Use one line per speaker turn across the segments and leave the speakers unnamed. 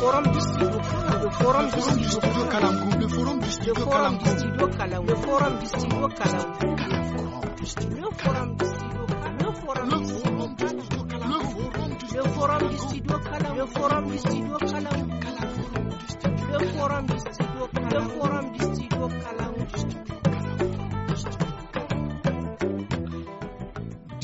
forum district the forum district kalam the forum district kalam the forum district kalam the forum district kalam the forum district kalam the forum district
kalam the
forum district kalam the forum district kalam the forum district kalam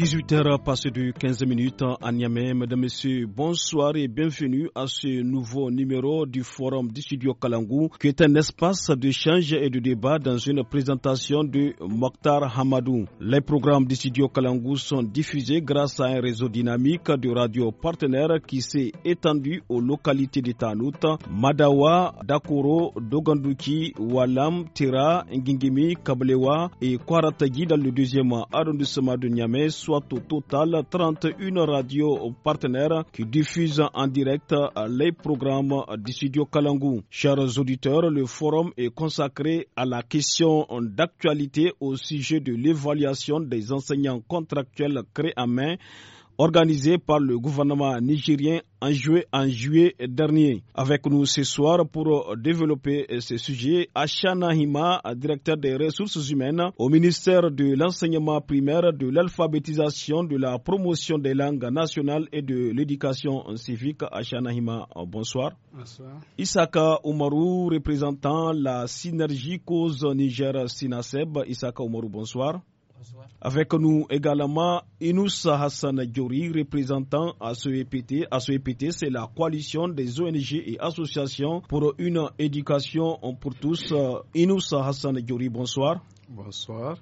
18h passé de 15 minutes à Niamey. Mesdames, Messieurs, bonsoir et bienvenue à ce nouveau numéro du Forum du Studio Kalangou, qui est un espace d'échange et de débat dans une présentation de Mokhtar Hamadou. Les programmes du Studio Kalangou sont diffusés grâce à un réseau dynamique de radio partenaires qui s'est étendu aux localités de Tanout, Madawa, Dakoro, Doganduki, Walam, Tira, Ngingimi, Kablewa et Kwaratagi dans le deuxième arrondissement de Niamey, soit au total 31 radios partenaires qui diffusent en direct les programmes du studio Kalangou. Chers auditeurs, le forum est consacré à la question d'actualité au sujet de l'évaluation des enseignants contractuels créés à main organisé par le gouvernement nigérien en juillet, en juillet dernier. Avec nous ce soir pour développer ce sujet, Ashana Hima, directeur des ressources humaines au ministère de l'enseignement primaire, de l'alphabétisation, de la promotion des langues nationales et de l'éducation civique. Ashana Hima, bonsoir. Bonsoir. Isaka Oumarou, représentant la synergie cause Niger-Sinaseb. Isaka Omaru, bonsoir. Avec nous également Inous Hassan Djouri, représentant à ce EPT, e c'est la coalition des ONG et associations pour une éducation pour tous. Euh, Inous Hassan Djouri, bonsoir. Bonsoir.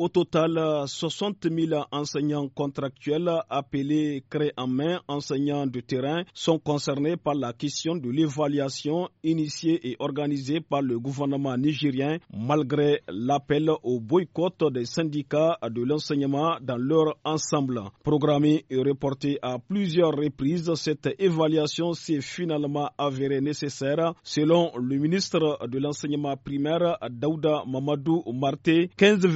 Au total, 60 000 enseignants contractuels appelés créés en main enseignants de terrain sont concernés par la question de l'évaluation initiée et organisée par le gouvernement nigérien malgré l'appel au boycott des syndicats de l'enseignement dans leur ensemble. Programmée et reportée à plusieurs reprises, cette évaluation s'est finalement avérée nécessaire selon le ministre de l'enseignement primaire Daouda Mamadou Marté. 15,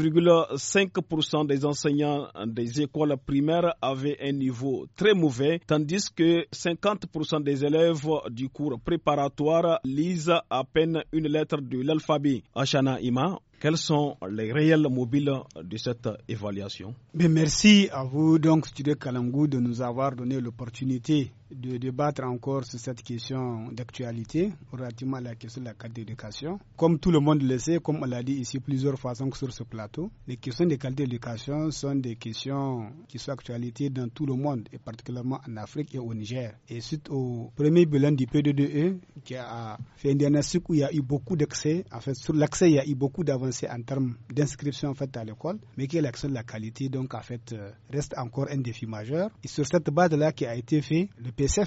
5% des enseignants des écoles primaires avaient un niveau très mauvais, tandis que 50% des élèves du cours préparatoire lisent à peine une lettre de l'alphabet. Ashana Ima, quels sont les réels mobiles de cette évaluation
Merci à vous, donc, Studio Kalangou, de nous avoir donné l'opportunité de débattre encore sur cette question d'actualité relativement à la question de la qualité d'éducation. Comme tout le monde le sait, comme on l'a dit ici plusieurs fois sur ce plateau, les questions de qualité d'éducation sont des questions qui sont actualité dans tout le monde et particulièrement en Afrique et au Niger. Et suite au premier bilan du PDDE e qui a fait un diagnostic où il y a eu beaucoup d'accès, en fait sur l'accès il y a eu beaucoup d'avancées en termes d'inscription en fait à l'école, mais que l'action de la qualité donc en fait euh, reste encore un défi majeur. Et sur cette base là qui a été fait, le c'est ça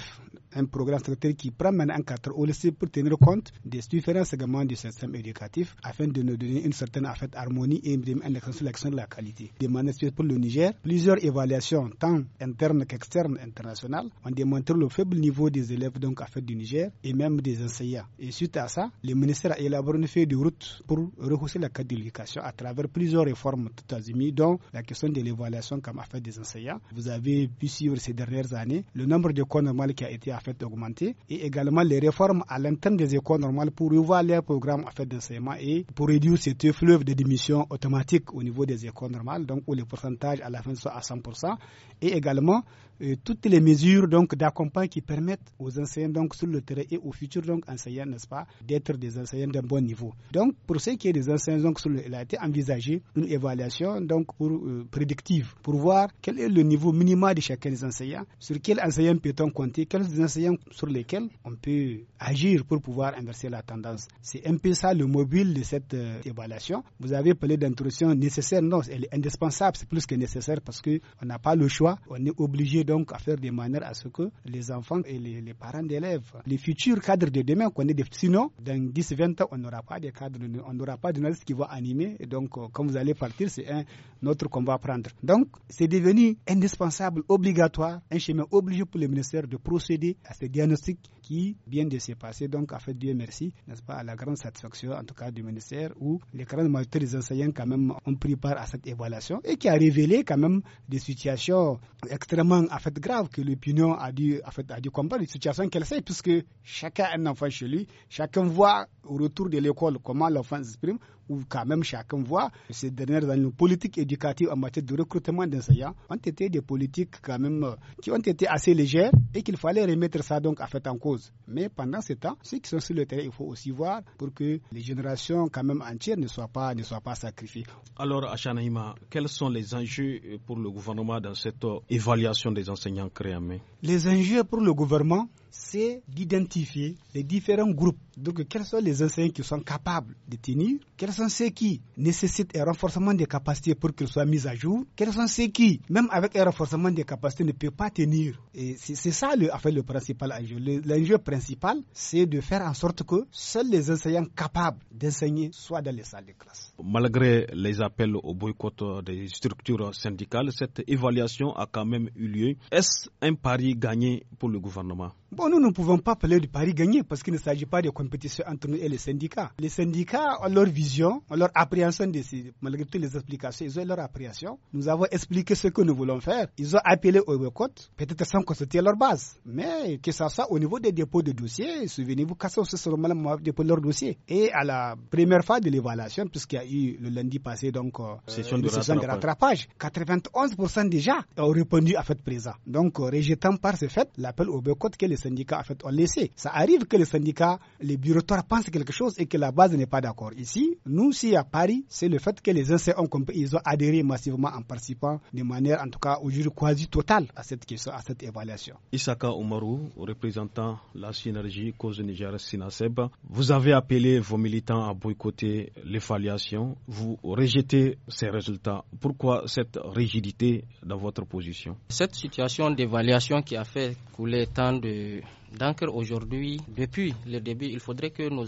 un programme stratégique qui prend maintenant en quatre OLC pour tenir compte des différents segments du système éducatif afin de nous donner une certaine en harmonie et une sélection de la qualité. Des manifestes pour le Niger, plusieurs évaluations, tant internes qu'externes, internationales, ont démontré le faible niveau des élèves donc, fait, du Niger et même des enseignants. Et suite à ça, le ministère a élaboré une feuille de route pour rehausser la qualité de l'éducation à travers plusieurs réformes États-Unis, dont la question de l'évaluation comme affaire des enseignants. Vous avez pu suivre ces dernières années le nombre de cours normales qui a été fait augmenter et également les réformes à l'interne des écoles normales pour revoir les programmes d'enseignement et pour réduire cette fleuve de démission automatique au niveau des écoles normales, donc où les pourcentages à la fin sont à 100%, et également euh, toutes les mesures donc d'accompagnement qui permettent aux enseignants donc sur le terrain et aux futurs donc enseignants, n'est-ce pas, d'être des enseignants d'un bon niveau. Donc pour ce qui est des enseignants donc sur le, il a été envisagé une évaluation donc pour, euh, prédictive pour voir quel est le niveau minimal de chacun des enseignants, sur quel enseignant peut-on compter, quels sur lesquels on peut agir pour pouvoir inverser la tendance. C'est un peu ça le mobile de cette euh, évaluation. Vous avez parlé d'introduction nécessaire, non, elle est indispensable, c'est plus que nécessaire parce qu'on n'a pas le choix. On est obligé donc à faire des manières à ce que les enfants et les, parents d'élèves, les futurs cadres de demain qu'on est Sinon, dans 10-20 ans, on n'aura pas de cadres, on n'aura pas de qui vont animer. Et donc, euh, quand vous allez partir, c'est un autre qu'on va prendre. Donc, c'est devenu indispensable, obligatoire, un chemin obligé pour le ministère de procéder à ce diagnostic qui vient de se passer. Donc, en fait, Dieu merci, n'est-ce pas, à la grande satisfaction, en tout cas, du ministère, où les grandes majorité des enseignants, quand même, ont pris part à cette évaluation et qui a révélé, quand même, des situations extrêmement, en fait, graves que l'opinion a dû, en fait, a dû comprendre, des situations qu'elle sait, puisque chacun a un enfant chez lui, chacun voit au retour de l'école comment l'enfant s'exprime, où quand même chacun voit ces dernières années, nos politiques éducatives en matière de recrutement d'enseignants ont été des politiques quand même euh, qui ont été
assez légères
et qu'il fallait remettre ça donc à fait en cause. Mais pendant ce temps, ceux qui sont sur le terrain, il faut aussi voir pour que les générations quand même entières ne soient pas, ne soient pas sacrifiées.
Alors, Achanaïma, quels sont les enjeux pour le gouvernement dans cette euh, évaluation des enseignants créamés
Les enjeux pour le gouvernement, c'est d'identifier les différents groupes donc, quels sont les enseignants qui sont capables de tenir Quels sont ceux qui nécessitent un renforcement des capacités pour qu'ils soient mis à jour Quels sont ceux qui, même avec un renforcement des capacités, ne peuvent pas tenir Et c'est ça le, le principal enjeu. L'enjeu principal, c'est de faire en sorte que seuls les enseignants capables d'enseigner soient dans les salles de classe.
Malgré les appels au boycott des structures syndicales, cette évaluation a quand même eu lieu. Est-ce un pari gagné pour le gouvernement
Bon, nous ne pouvons pas parler de pari gagné parce qu'il ne s'agit pas de compétition entre nous et les syndicats. Les syndicats ont leur vision, ont leur appréhension de malgré toutes les explications, ils ont leur appréhension. Nous avons expliqué ce que nous voulons faire. Ils ont appelé au boycott, peut-être sans consulter leur base. Mais que ça soit au niveau des dépôts de dossiers, souvenez-vous, qu'à ce ils ont déposé leur dossier. Et à la première phase de l'évaluation, puisqu'il y a eu le lundi passé, donc, euh, session, de, rattrapage. 91% déjà ont répondu à fait présent. Donc, rejetant par ce fait l'appel au boycott que les syndicats, fait, ont laissé. Ça arrive que les syndicats, les bureaucrates pensent quelque chose et que la base n'est pas d'accord. Ici, nous, ici à Paris, c'est le fait que les anciens ont compris, ils ont adhéré massivement en participant de manière, en tout cas, au quasi totale à cette question, à cette évaluation.
Issaka Oumarou, représentant la synergie cause Niger Sinaseb, vous avez appelé vos militants à boycotter l'évaluation. Vous rejetez ces résultats. Pourquoi cette rigidité dans votre position
Cette situation d'évaluation qui a fait couler tant de donc aujourd'hui, depuis le début, il faudrait que nos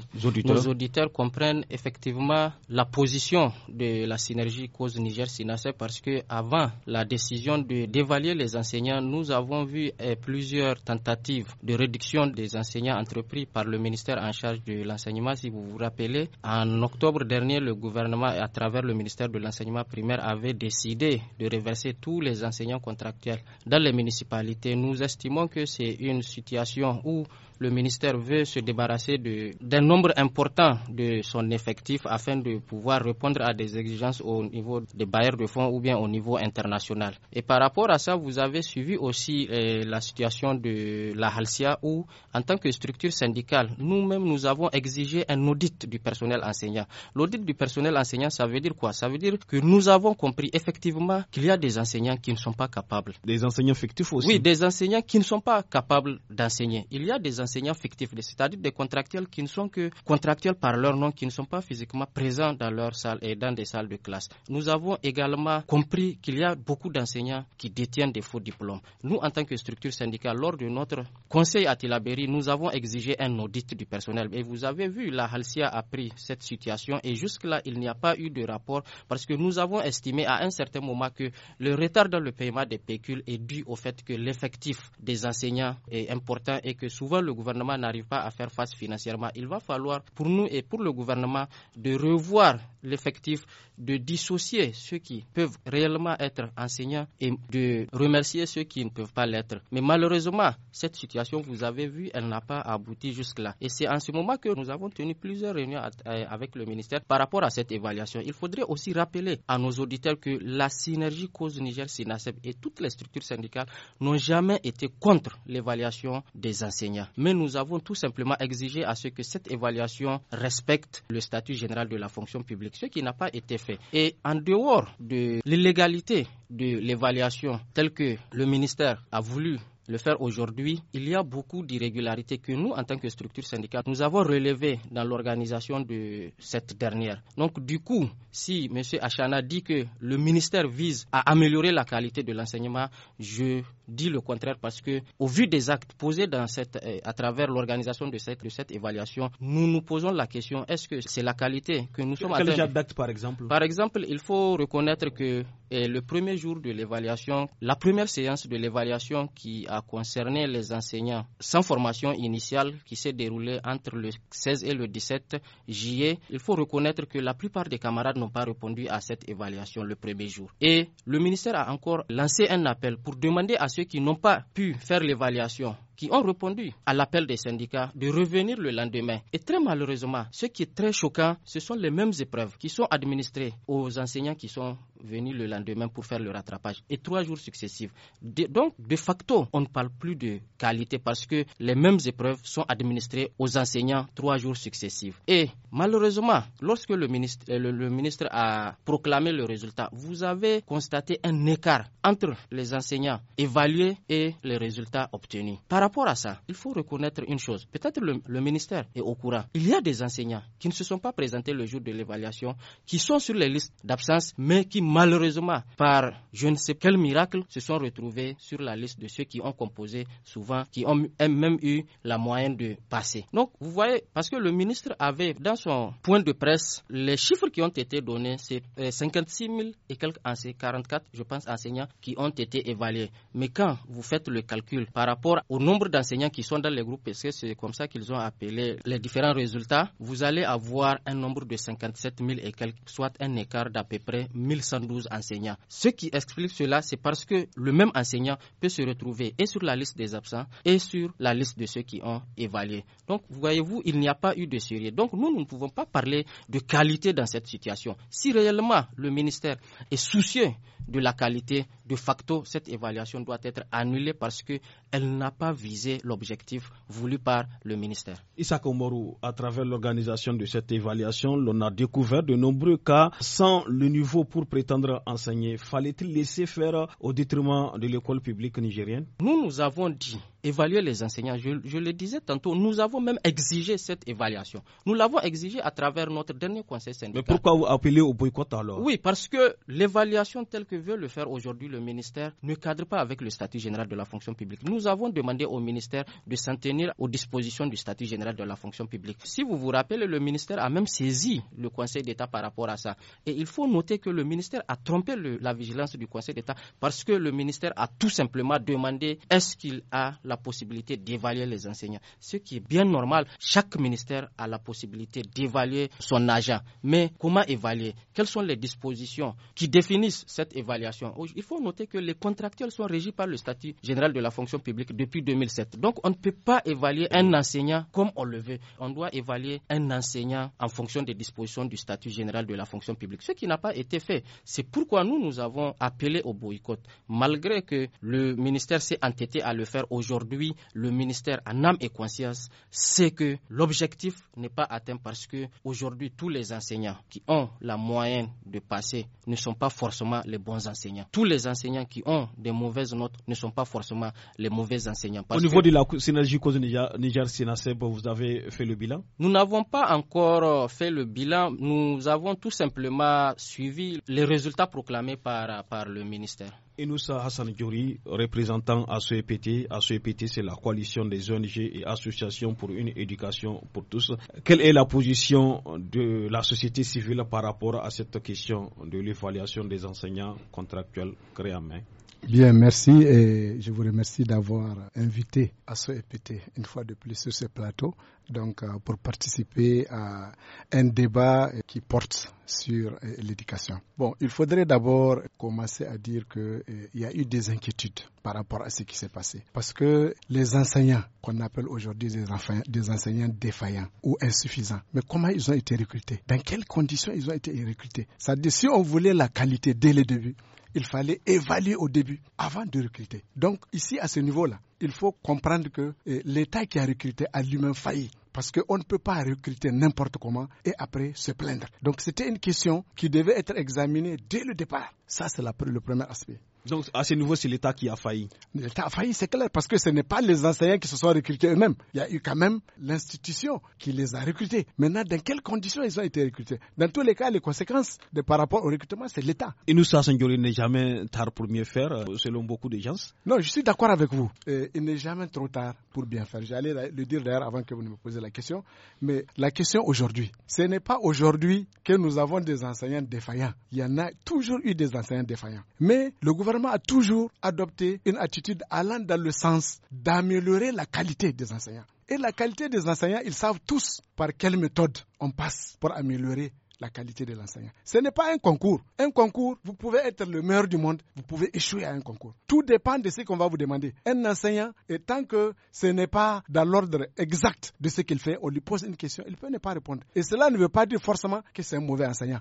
auditeurs. comprennent effectivement la position de la synergie cause Niger-Sinacé parce que avant la décision de d'évaluer les enseignants, nous avons vu eh, plusieurs tentatives de réduction des enseignants entrepris par le ministère en charge de l'enseignement. Si vous vous rappelez, en octobre dernier, le gouvernement, à travers le ministère de l'enseignement primaire, avait décidé de reverser tous les enseignants contractuels dans les municipalités. Nous estimons que c'est une situation 或。le ministère veut se débarrasser d'un nombre important de son effectif afin de pouvoir répondre à des exigences au niveau des bailleurs de fonds ou bien au niveau international. Et par rapport à ça, vous avez suivi aussi euh, la situation de la Halcia où, en tant que structure syndicale, nous-mêmes, nous avons exigé un audit du personnel enseignant. L'audit du personnel enseignant, ça veut dire quoi Ça veut dire que nous avons compris effectivement qu'il y a des enseignants qui ne sont pas capables. Des enseignants fictifs aussi Oui, des enseignants qui ne sont pas capables d'enseigner. Il y a des enseignants fictifs, c'est-à-dire des contractuels qui ne sont que contractuels par leur nom, qui ne sont pas physiquement présents dans leur salle et dans des salles de classe. Nous avons également compris qu'il y a beaucoup d'enseignants qui détiennent des faux diplômes. Nous, en tant que structure syndicale, lors de notre conseil à Tilaberi, nous avons exigé un audit du personnel. Et vous avez vu, la Halcia a pris cette situation et jusque-là, il n'y a pas eu de rapport parce que nous avons estimé à un certain moment que le retard dans le paiement des pécules est dû au fait que l'effectif des enseignants est important et que souvent le gouvernement n'arrive pas à faire face financièrement, il va falloir pour nous et pour le gouvernement de revoir l'effectif de dissocier ceux qui peuvent réellement être enseignants et de remercier ceux qui ne peuvent pas l'être. Mais malheureusement, cette situation, vous avez vu, elle n'a pas abouti jusque-là. Et c'est en ce moment que nous avons tenu plusieurs réunions avec le ministère par rapport à cette évaluation. Il faudrait aussi rappeler à nos auditeurs que la synergie cause niger sinaseb et toutes les structures syndicales n'ont jamais été contre l'évaluation des enseignants. Mais nous avons tout simplement exigé à ce que cette évaluation respecte le statut général de la fonction publique, ce qui n'a pas été fait. Et en dehors de l'illégalité de l'évaluation telle que le ministère a voulu le faire aujourd'hui, il y a beaucoup d'irrégularités que nous, en tant que structure syndicale, nous avons relevées dans l'organisation de cette dernière. Donc, du coup, si M. Achana dit que le ministère vise à améliorer la qualité de l'enseignement, je dis le contraire parce que, au vu des actes posés dans cette, euh, à travers l'organisation de cette, de cette évaluation, nous nous posons la question est-ce que c'est la qualité que nous sommes Quel par exemple Par exemple, il faut reconnaître que et le premier jour de l'évaluation, la première séance de l'évaluation qui a concerné les enseignants sans formation initiale qui s'est déroulée entre le 16 et le 17 juillet, il faut reconnaître que la plupart des camarades n'ont pas répondu à cette évaluation le premier jour. Et le ministère a encore lancé un appel pour demander à ceux qui n'ont pas pu faire l'évaluation qui ont répondu à l'appel des syndicats de revenir le lendemain. Et très malheureusement, ce qui est très choquant, ce sont les mêmes épreuves qui sont administrées aux enseignants qui sont venus le lendemain pour faire le rattrapage et trois jours successifs. donc, de facto, on ne parle plus de qualité parce que les mêmes épreuves sont administrées aux enseignants trois jours successifs. Et malheureusement, lorsque le ministre, euh, le, ministre a proclamé le résultat, vous avez constaté un écart entre les enseignants évalués et les résultats obtenus rapport à ça, il faut reconnaître une chose. Peut-être le, ministère est au courant. Il y a des enseignants qui ne se sont pas présentés le jour de l'évaluation, qui sont sur les listes d'absence, mais qui malheureusement, par je ne sais quel miracle, se sont retrouvés sur la liste de ceux qui ont composé souvent, qui ont même eu la moyenne de passer. Donc, vous voyez, parce que le ministre avait dans son point de presse les chiffres qui ont été donnés, c'est 56 euh, 000 et quelques enseignants, 44, je pense, enseignants qui ont été évalués. Mais quand vous faites le calcul par rapport au nombre d'enseignants qui sont dans les groupes, parce que c'est comme ça qu'ils ont appelé les différents résultats, vous allez avoir un nombre de 57 000 et soit un écart d'à peu près 1112 enseignants. Ce qui explique cela, c'est parce que le même enseignant peut se retrouver et sur la liste des absents et sur la liste de ceux qui ont évalué. Donc, voyez-vous, il n'y a pas eu de sérieux. Donc, nous, nous ne pouvons pas parler de qualité dans cette situation. Si réellement le ministère est soucieux de la qualité de facto, cette évaluation doit être annulée parce qu'elle n'a pas visé l'objectif voulu par le ministère.
Issa Komoru, à travers l'organisation de cette évaluation, l'on a découvert de nombreux cas sans le niveau pour prétendre
enseigner. Fallait-il laisser faire au détriment de l'école publique nigérienne Nous, nous avons dit évaluer les enseignants. Je, le disais tantôt, nous avons même exigé cette évaluation. Nous l'avons exigé à travers notre dernier conseil syndical. Mais
pourquoi vous appelez au boycott alors
Oui, parce que l'évaluation telle que veut le faire aujourd'hui le ministère ne cadre pas avec le statut général de la fonction publique. Nous avons demandé au ministère de s'en tenir aux dispositions du statut général de la fonction publique. Si vous vous rappelez, le ministère a même saisi le Conseil d'État par rapport à ça. Et il faut noter que le ministère a trompé la vigilance du Conseil d'État parce que le ministère a tout simplement demandé est-ce qu'il a la possibilité d'évaluer les enseignants, ce qui est bien normal. Chaque ministère a la possibilité d'évaluer son agent. Mais comment évaluer Quelles sont les dispositions qui définissent cette évaluation Il faut noter que les contractuels sont régis par le statut général de la fonction publique depuis 2007. Donc on ne peut pas évaluer un enseignant comme on le veut. On doit évaluer un enseignant en fonction des dispositions du statut général de la fonction publique, ce qui n'a pas été fait. C'est pourquoi nous, nous avons appelé au boycott, malgré que le ministère s'est entêté à le faire aujourd'hui aujourd'hui, le ministère en âme et conscience sait que l'objectif n'est pas atteint parce que aujourd'hui, tous les enseignants qui ont la moyenne de passer ne sont pas forcément les bons enseignants. Tous les enseignants qui ont des mauvaises notes ne sont pas forcément les mauvais enseignants. Au niveau de la
synergie cause Niger Sinaseb, vous avez fait le bilan
Nous n'avons pas encore euh, fait le bilan. Nous avons tout simplement suivi les résultats proclamés par le ministère.
Inoussa Hassan Djouri, représentant ASOEPT. ASOEPT, c'est la coalition des ONG et associations pour une éducation pour tous. Quelle est la position de la société civile par rapport à cette question de l'évaluation des enseignants contractuels créés main
Bien, merci et je vous remercie d'avoir invité à EPT e une fois de plus sur ce plateau donc euh, pour participer à un débat qui porte sur euh, l'éducation. Bon, il faudrait d'abord commencer à dire qu'il euh, y a eu des inquiétudes par rapport à ce qui s'est passé. Parce que les enseignants qu'on appelle aujourd'hui des, des enseignants défaillants ou insuffisants, mais comment ils ont été recrutés Dans quelles conditions ils ont été recrutés C'est-à-dire si on voulait la qualité dès le début, il fallait évaluer au début avant de recruter. Donc ici, à ce niveau-là, il faut comprendre que eh, l'État qui a recruté a lui-même failli parce qu'on ne peut pas recruter n'importe comment et après se plaindre. Donc c'était une question qui devait être examinée dès le départ. Ça, c'est le premier aspect.
Donc, à ce niveau, c'est l'État qui a failli.
L'État a failli, c'est clair, parce que ce n'est pas les enseignants qui se sont recrutés eux-mêmes. Il y a eu quand même l'institution qui les a recrutés. Maintenant, dans quelles conditions ils ont été recrutés Dans tous les cas, les conséquences de, par rapport au recrutement, c'est l'État.
Et nous, ça, il n'est jamais tard pour mieux faire, euh, selon beaucoup de gens. Non, je suis d'accord avec vous.
Euh, il n'est jamais trop tard pour bien faire. J'allais le dire d'ailleurs avant que vous ne me posiez la question. Mais la question aujourd'hui, ce n'est pas aujourd'hui que nous avons des enseignants défaillants. Il y en a toujours eu des enseignants défaillants. Mais le gouvernement gouvernement a toujours adopté une attitude allant dans le sens d'améliorer la qualité des enseignants. Et la qualité des enseignants, ils savent tous par quelle méthode on passe pour améliorer la qualité de l'enseignant. Ce n'est pas un concours. Un concours, vous pouvez être le meilleur du monde, vous pouvez échouer à un concours. Tout dépend de ce qu'on va vous demander. Un enseignant, et tant que ce n'est pas dans l'ordre exact de ce qu'il fait, on lui pose une question, il peut ne pas répondre. Et cela ne veut pas dire forcément que c'est un mauvais enseignant.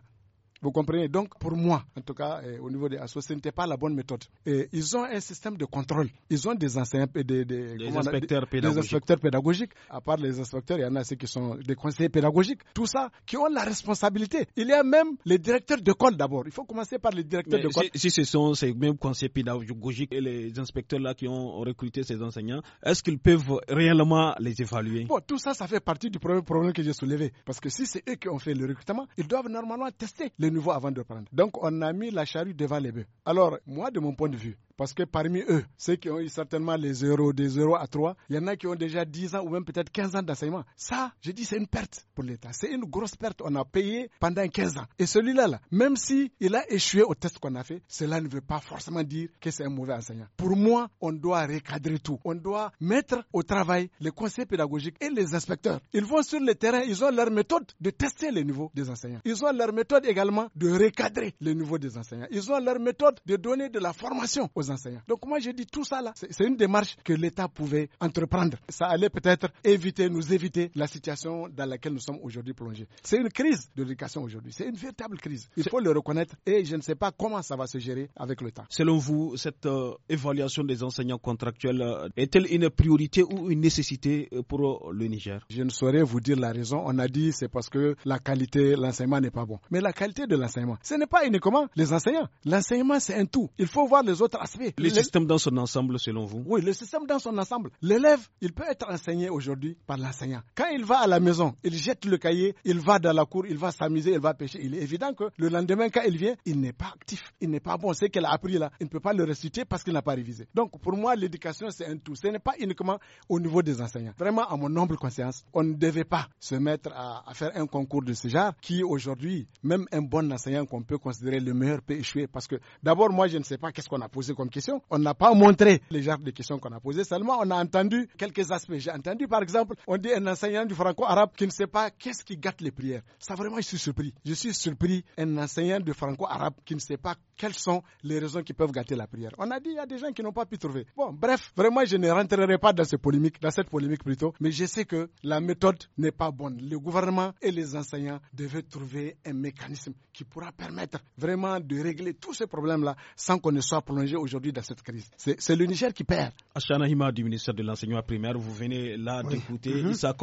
Vous comprenez Donc, pour moi, en tout cas, eh, au niveau des associations, ce n'était pas la bonne méthode. Et ils ont un système de contrôle. Ils ont des enseignants, des, des,
inspecteurs, pédagogiques.
inspecteurs pédagogiques. À part les inspecteurs, il y en a ceux qui sont des conseillers pédagogiques. Tout ça, qui ont la responsabilité. Il y a même les directeurs d'école d'abord. Il faut commencer par les directeurs d'école. Si,
si ce sont ces mêmes conseillers pédagogiques et les inspecteurs là qui ont recruté ces enseignants, est-ce qu'ils peuvent réellement les évaluer Bon, tout ça, ça fait partie du premier problème que j'ai soulevé. Parce
que si c'est eux qui ont fait le recrutement, ils doivent normalement tester les nouveau avant de prendre. Donc on a mis la charrue devant les bœufs. Alors moi de mon point de vue, parce que parmi eux, ceux qui ont eu certainement les 0, des 0 à 3, il y en a qui ont déjà 10 ans ou même peut-être 15 ans d'enseignement. Ça, je dis, c'est une perte pour l'État. C'est une grosse perte. On a payé pendant 15 ans. Et celui-là, là, même si il a échoué au test qu'on a fait, cela ne veut pas forcément dire que c'est un mauvais enseignant. Pour moi, on doit recadrer tout. On doit mettre au travail les conseils pédagogiques et les inspecteurs. Ils vont sur le terrain, ils ont leur méthode de tester les niveaux des enseignants. Ils ont leur méthode également de recadrer les niveaux des enseignants. Ils ont leur méthode de donner de la formation aux donc moi je dis tout ça là, c'est une démarche que l'État pouvait entreprendre. Ça allait peut-être éviter, nous éviter la situation dans laquelle nous sommes aujourd'hui plongés. C'est une crise de l'éducation aujourd'hui, c'est une véritable crise. Il faut le reconnaître et je ne sais pas comment ça va
se gérer avec le temps. Selon vous, cette euh, évaluation des enseignants contractuels euh, est-elle une priorité ou une nécessité euh, pour le Niger Je ne saurais vous dire la raison. On a dit c'est parce
que la qualité, l'enseignement n'est pas bon. Mais la qualité de l'enseignement, ce n'est pas uniquement les enseignants. L'enseignement, c'est un tout. Il faut voir les autres aspects le, système dans son ensemble, selon vous Oui, le système dans son ensemble. L'élève, il peut être enseigné aujourd'hui par l'enseignant. Quand il va à la maison, il jette le cahier, il va dans la cour, il va s'amuser, il va pêcher. Il est évident que le lendemain, quand il vient, il n'est pas actif, il n'est pas bon. Ce qu'elle a appris là, il ne peut pas le réciter parce qu'il n'a pas révisé. Donc, pour moi, l'éducation, c'est un tout. Ce n'est pas uniquement au niveau des enseignants. Vraiment, à mon humble conscience, on ne devait pas se mettre à, à faire un concours de ce genre qui, aujourd'hui, même un bon enseignant qu'on peut considérer le meilleur peut échouer parce que d'abord, moi, je ne sais pas qu'est-ce qu'on a posé comme question. On n'a pas montré les genres de questions qu'on a posées, seulement on a entendu quelques aspects. J'ai entendu par exemple, on dit un enseignant du franco-arabe qui ne sait pas qu'est-ce qui gâte les prières. Ça vraiment, je suis surpris. Je suis surpris, un enseignant du franco-arabe qui ne sait pas quelles sont les raisons qui peuvent gâter la prière. On a dit, il y a des gens qui n'ont pas pu trouver. Bon, bref, vraiment, je ne rentrerai pas dans, ce polémique, dans cette polémique plutôt, mais je sais que la méthode n'est pas bonne. Le gouvernement et les enseignants devaient trouver un mécanisme qui pourra permettre vraiment de régler tous ces problèmes-là sans qu'on ne soit prolongé aujourd'hui aujourd'hui dans cette crise.
C'est le Niger qui perd. Achana Hima du ministère de l'Enseignement primaire, vous venez là d'écouter mm-hmm. Issa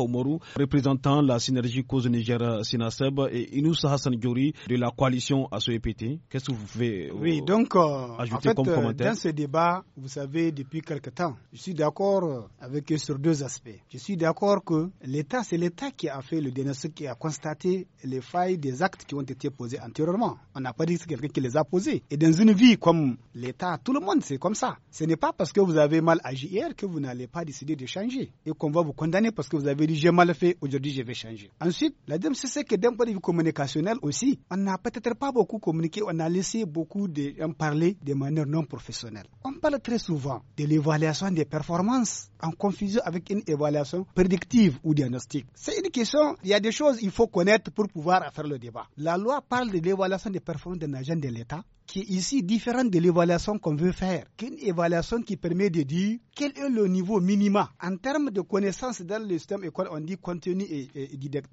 représentant la synergie cause Niger euh, Sinaseb et Inoussa Hassan Giori de la coalition ASOEPT. Qu'est-ce que vous pouvez euh, oui, donc, euh, ajouter en fait, comme commentaire Dans ce
débat, vous savez, depuis quelque temps, je suis d'accord avec eux sur deux aspects. Je suis d'accord que l'État, c'est l'État qui a fait le diagnostic, qui a constaté les failles des actes qui ont été posés antérieurement. On n'a pas dit que c'est quelqu'un qui les a posés. Et dans une vie comme l'État, tout le monde, c'est comme ça. Ce n'est pas parce que vous avez mal agi hier que vous n'allez pas décider de changer et qu'on va vous condamner parce que vous avez dit j'ai mal fait, aujourd'hui je vais changer. Ensuite, la deuxième, c'est que d'un point de vue communicationnel aussi, on n'a peut-être pas beaucoup communiqué, on a laissé beaucoup de gens parler de manière non professionnelle. On parle très souvent de l'évaluation des performances en confusion avec une évaluation prédictive ou diagnostique. C'est une question, il y a des choses qu'il faut connaître pour pouvoir faire le débat. La loi parle de l'évaluation des performances d'un agent de l'État qui est ici différente de l'évaluation qu'on veut faire, qu'une évaluation qui permet de dire quel est le niveau minima. En termes de connaissances dans le système école, on dit contenu et,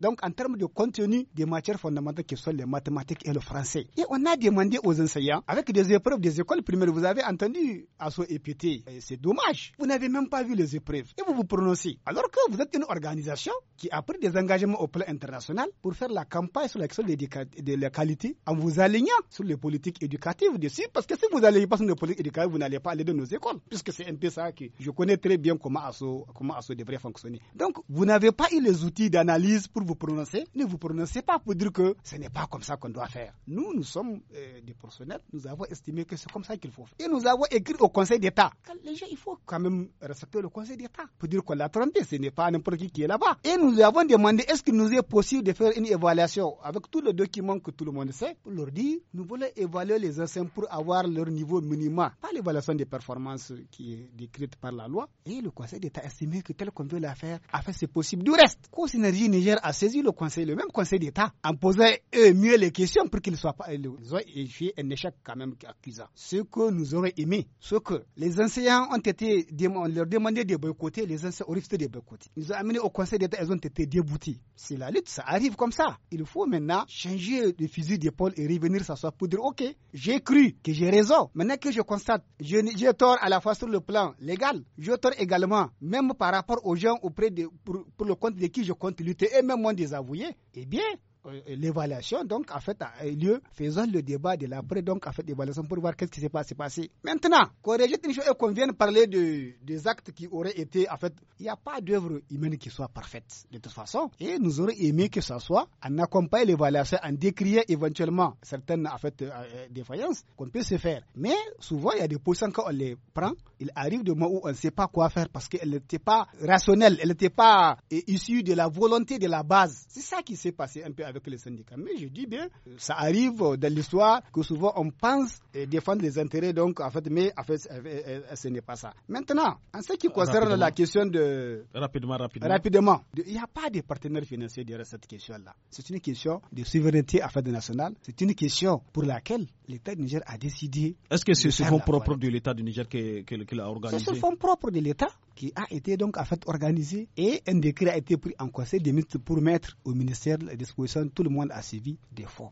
Donc, en termes de contenu des matières fondamentales qui sont les mathématiques et le français. Et on a demandé aux enseignants, avec des épreuves des écoles primaires, vous avez entendu à ce épité, c'est dommage. Vous n'avez même pas vu les épreuves et vous vous prononcez. Alors que vous êtes une organisation qui a pris des engagements au plan international pour faire la campagne sur l'action de la qualité en vous alignant sur les politiques éducatives dessus, parce que si vous allez passer une politique éducative, vous n'allez pas aller dans nos écoles, puisque c'est un peu ça que je connais très bien comment ASSO, comment devrait fonctionner. Donc, vous n'avez pas eu les outils d'analyse pour vous prononcer, ne vous prononcez pas pour dire que ce n'est pas comme ça qu'on doit faire. Nous, nous sommes euh, des professionnels, nous avons estimé que c'est comme ça qu'il faut faire. Et nous avons écrit au Conseil d'État. Les gens, il faut quand même respecter le Conseil d'État pour dire qu'on l'a trompé, ce n'est pas n'importe qui qui est là-bas. Et nous avons demandé est-ce qu'il nous est possible de faire une évaluation avec tous les documents que tout le monde sait pour leur dire nous voulons évaluer les les enseignants pour avoir leur niveau minimum pas l'évaluation des performances qui est décrite par la loi. Et le Conseil d'État a estimé que tel qu'on veut la faire, fait c'est possible. Du reste, co Niger a saisi le Conseil, le même Conseil d'État, en posant mieux les questions pour qu'ils soient pas, ils ont fait un échec quand même accusant. Ce que nous aurions aimé, ce que les enseignants ont été, on leur demandé de boycotter, les enseignants ont refusé de boycotter. Ils ont amené au Conseil d'État, ils ont été déboutis. C'est la lutte, ça arrive comme ça. Il faut maintenant changer de fusil d'épaule et revenir s'asseoir pour dire, OK, j'ai cru que j'ai raison. Maintenant que je constate, j'ai tort à la fois sur le plan légal, j'ai tort également, même par rapport aux gens auprès de, pour, le compte de qui je compte lutter et même moins désavoué, eh bien, euh, euh, l'évaluation donc en fait a lieu, faisant le débat de l'après donc en fait l'évaluation pour voir qu'est-ce qui s'est passé, Maintenant, qu'on rejette une chose et parler de, des actes qui auraient été en fait, il n'y a pas d'œuvre humaine qui soit parfaite de toute façon. Et nous aurions aimé que ça soit, en accompagnant l'évaluation, en décriant éventuellement certaines en fait euh, euh, défaillances qu'on peut se faire. Mais souvent il y a des positions quand on les prend, il arrive de moments où on ne sait pas quoi faire parce qu'elles n'étaient pas rationnelles, elles n'étaient pas issues de la volonté de la base. C'est ça qui s'est passé un peu. Avec avec les syndicats. Mais je dis bien, ça arrive dans l'histoire que souvent on pense défendre les intérêts, donc en fait, mais en fait, euh, euh, euh, ce n'est pas ça. Maintenant, en ce qui concerne la question de.
Rapidement, rapidement.
Rapidement. Il n'y a pas de partenaire financier derrière cette question-là. C'est une question de souveraineté en fait nationale. C'est une question pour laquelle l'État du Niger a décidé.
Est-ce que c'est ce fonds propre de l'État du Niger qu'il a organisé C'est ce fonds
propre de l'État qui a été donc en fait organisé et un décret a été pris en conseil des ministres pour mettre au ministère la disposition, tout le monde à suivi des fonds.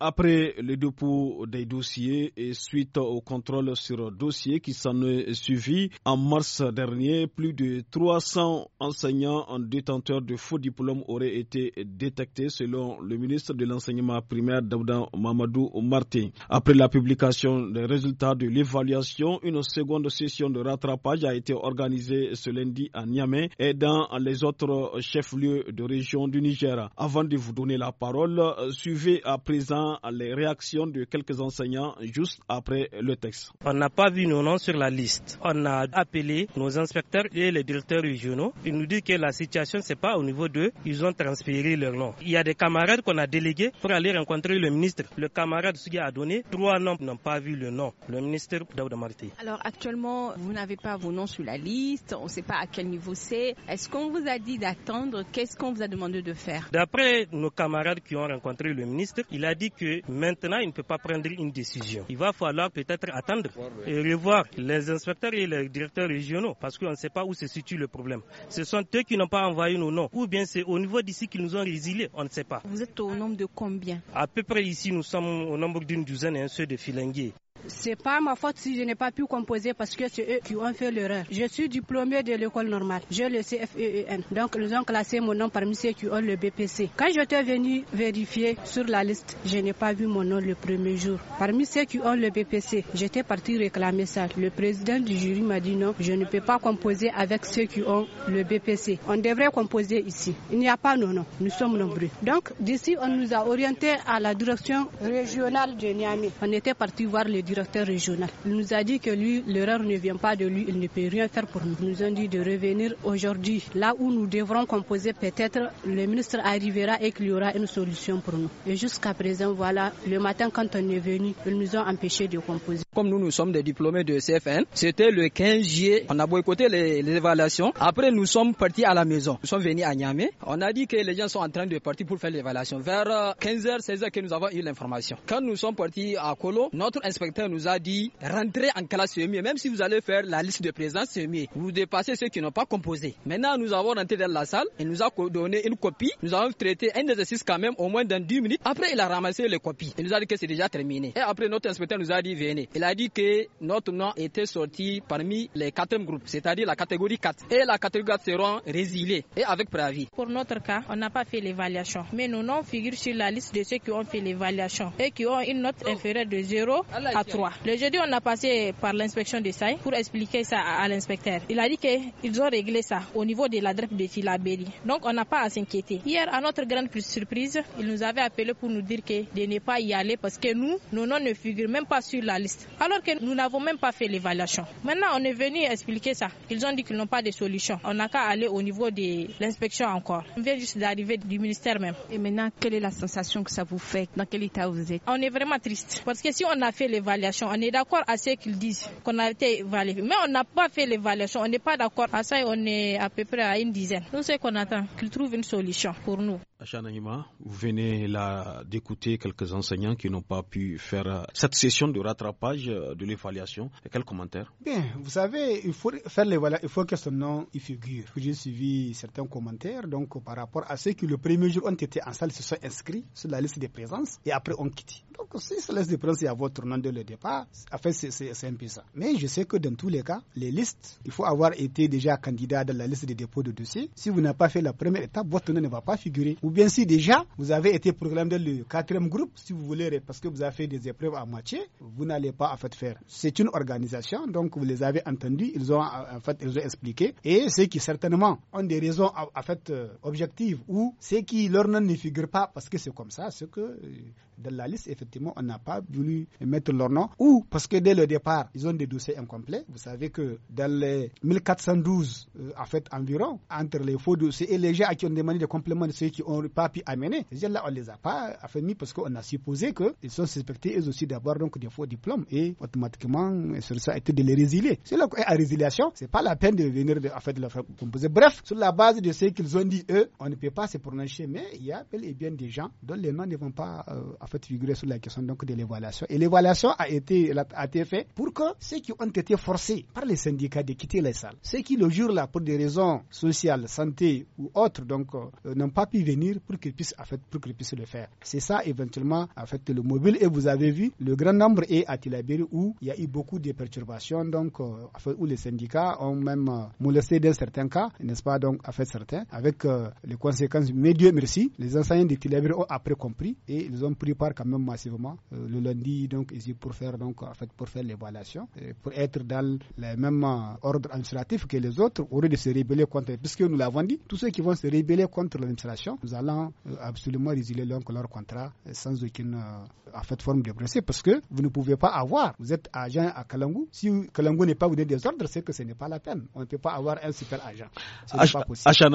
Après le dépôt des dossiers et suite au contrôle sur dossier qui s'en est suivi, en mars dernier, plus de 300 enseignants en détenteur de faux diplômes auraient été détectés selon le ministre de l'enseignement primaire Dabdan Mamadou Martin. Après la publication des résultats de l'évaluation, une seconde session de rattrapage a été organisée ce lundi à Niamey et dans les autres chefs-lieux de région du Niger. Avant de vous donner la parole, suivez à présent les réactions de quelques enseignants juste après le texte. On n'a pas vu nos noms sur la liste.
On a appelé nos inspecteurs et les directeurs régionaux. Ils nous disent que la situation, c'est pas au niveau d'eux. Ils ont transféré leur nom. Il y a des camarades qu'on a délégués pour aller rencontrer le ministre. Le camarade qui a donné trois noms n'ont pas vu le nom. Le ministre Daouda Alors actuellement, vous n'avez pas vos noms sur la liste. On ne sait pas à quel niveau c'est. Est-ce qu'on vous a dit d'attendre Qu'est-ce qu'on vous a demandé de faire D'après nos camarades qui ont rencontré le ministre, il a dit que maintenant, il ne peut pas prendre une décision. Il va falloir peut-être attendre et revoir les inspecteurs et les directeurs régionaux parce qu'on ne sait pas où se situe le problème. Ce sont eux qui n'ont pas envoyé nos noms ou bien c'est au niveau d'ici qu'ils nous ont résiliés, on ne sait pas. Vous êtes au nombre de combien À peu près ici, nous sommes au nombre d'une douzaine et un seul de filinguiers. C'est pas ma faute si je n'ai pas pu composer parce que c'est eux qui ont fait l'erreur. Je suis diplômé de l'école normale. J'ai le CFEEN. Donc, ils ont classé mon nom parmi ceux qui ont le BPC. Quand j'étais venu vérifier sur la liste, je n'ai pas vu mon nom le premier jour. Parmi ceux qui ont le BPC, j'étais parti réclamer ça. Le président du jury m'a dit non, je ne peux pas composer avec ceux qui ont le BPC. On devrait composer ici. Il n'y a pas nos noms. Nous sommes nombreux. Donc, d'ici, on nous a orientés à la direction régionale de Niamey. On était parti voir les directeur régional. Il nous a dit que lui, l'erreur ne vient pas de lui, il ne peut rien faire pour nous. Ils nous ont dit de revenir aujourd'hui, là où nous devrons composer peut-être, le ministre arrivera et qu'il y aura une solution pour nous. Et jusqu'à présent, voilà, le matin quand on est venu, ils nous ont empêché de composer. Comme nous, nous sommes des diplômés de CFN, c'était le 15 juillet, on a boycotté les, évaluations. Après, nous sommes partis à la maison. Nous sommes venus à Niamey. On a dit que les gens sont en train de partir pour faire l'évaluation. Vers 15h, euh, 16h que nous avons eu l'information. Quand nous sommes partis à Colo, notre inspecteur nous a dit rentrer en classe c'est mieux. Même si vous allez faire la liste de présence c'est mieux. Vous dépassez ceux qui n'ont pas composé. Maintenant nous avons rentré dans la salle et nous a donné une copie. Nous avons traité un exercice quand même au moins dans 10 minutes. Après il a ramassé les copies. Il nous a dit que c'est déjà terminé. Et après notre inspecteur nous a dit venez. Il a dit que notre nom était sorti parmi les 4e groupes, c'est-à-dire la catégorie 4. Et la catégorie 4 seront résiliés et avec préavis. Pour notre cas, on n'a pas fait l'évaluation. Mais nos noms figurent sur la liste de ceux qui ont fait l'évaluation et qui ont une note inférieure de 0 à le jeudi, on a passé par l'inspection des SAI pour expliquer ça à, l'inspecteur. Il a dit qu'ils ont réglé ça au niveau de la DREP de Filabéry. Donc, on n'a pas à s'inquiéter. Hier, à notre grande surprise, ils nous avaient appelé pour nous dire que de ne pas y aller parce que nous, nos noms ne figurent même pas sur la liste. Alors que nous n'avons même pas fait l'évaluation. Maintenant, on est venu expliquer ça. Ils ont dit qu'ils n'ont pas de solution. On n'a qu'à aller au niveau de l'inspection encore. On vient juste d'arriver du ministère même. Et maintenant, quelle est la sensation que ça vous fait Dans quel état vous êtes On est vraiment triste. Parce que si on a fait l'évaluation, l'évaluation. On est d'accord à ce qu'ils disent qu'on a été évalué. Mais on n'a pas fait l'évaluation. On n'est pas d'accord à ça et on est à peu près à une dizaine. Nous, ce qu'on attend, qu'ils trouvent une solution pour nous.
vous venez là d'écouter quelques enseignants qui n'ont pas pu faire cette session de rattrapage de l'évaluation. Quel commentaire
Bien, vous savez,
il faut faire l'évaluation, il faut que son nom y figure. J'ai suivi certains commentaires donc par rapport à ceux qui le premier jour ont été en salle, se sont inscrits sur la liste des présences et après on quitte. Donc si sur la liste des présences, il y a votre nom de le départ. En fait, c'est un peu ça. Mais je sais que dans tous les cas, les listes, il faut avoir été déjà candidat dans la liste des dépôts de dossiers. Si vous n'avez pas fait la première étape, votre nom ne va pas figurer. Ou bien si déjà, vous avez été programmé dans le quatrième groupe, si vous voulez, parce que vous avez fait des épreuves à moitié, vous n'allez pas en fait faire. C'est une organisation, donc vous les avez entendus, ils ont en fait, ils ont expliqué. Et ceux qui certainement ont des raisons en fait euh, objectives ou ceux qui leur nom ne figure pas parce que c'est comme ça, c'est que euh, dans la liste, effectivement, on n'a pas voulu mettre leur nom ou parce que dès le départ, ils ont des dossiers incomplets. Vous savez que dans les 1412, euh, en fait, environ, entre les faux dossiers et les gens à qui ont demandé des compléments de ceux qui n'ont pas pu amener, ces là on les a pas affermis parce qu'on a supposé qu'ils sont suspectés eux aussi d'avoir donc des faux diplômes et automatiquement, sur ça, été de les résilier. C'est là à résiliation, c'est pas la peine de venir de, en fait, de faire composer. Bref, sur la base de ce qu'ils ont dit, eux, on ne peut pas se prononcer, mais il y a bel et bien des gens dont les noms ne vont pas euh, fait figurer sur la question donc de l'évaluation. Et l'évaluation a été, a été faite pour que ceux qui ont été forcés par les syndicats de quitter les salles, ceux qui le jour là pour des raisons sociales, santé ou autres, donc euh, n'ont pas pu venir pour qu'ils puissent, en fait, pour qu'ils puissent le faire. C'est ça éventuellement en fait le mobile. Et vous avez vu le grand nombre est à Tilabiri où il y a eu beaucoup de perturbations, donc euh, où les syndicats ont même euh, molesté dans certains cas, n'est-ce pas donc à fait certains, avec les conséquences. Mais Dieu merci, les enseignants de Tilabiri ont après compris et ils ont pris part quand même massivement euh, le lundi donc ici pour faire donc en fait pour faire l'évaluation pour être dans le même euh, ordre administratif que les autres au de se rébeller contre puisque nous l'avons dit tous ceux qui vont se rébeller contre l'administration nous allons euh, absolument résilier leur, leur contrat sans aucune en fait forme de pression, parce que vous ne pouvez pas avoir vous êtes agent à Kalangu si Kalangu n'est pas vous des ordres c'est que ce n'est pas la peine on ne peut pas avoir un super agent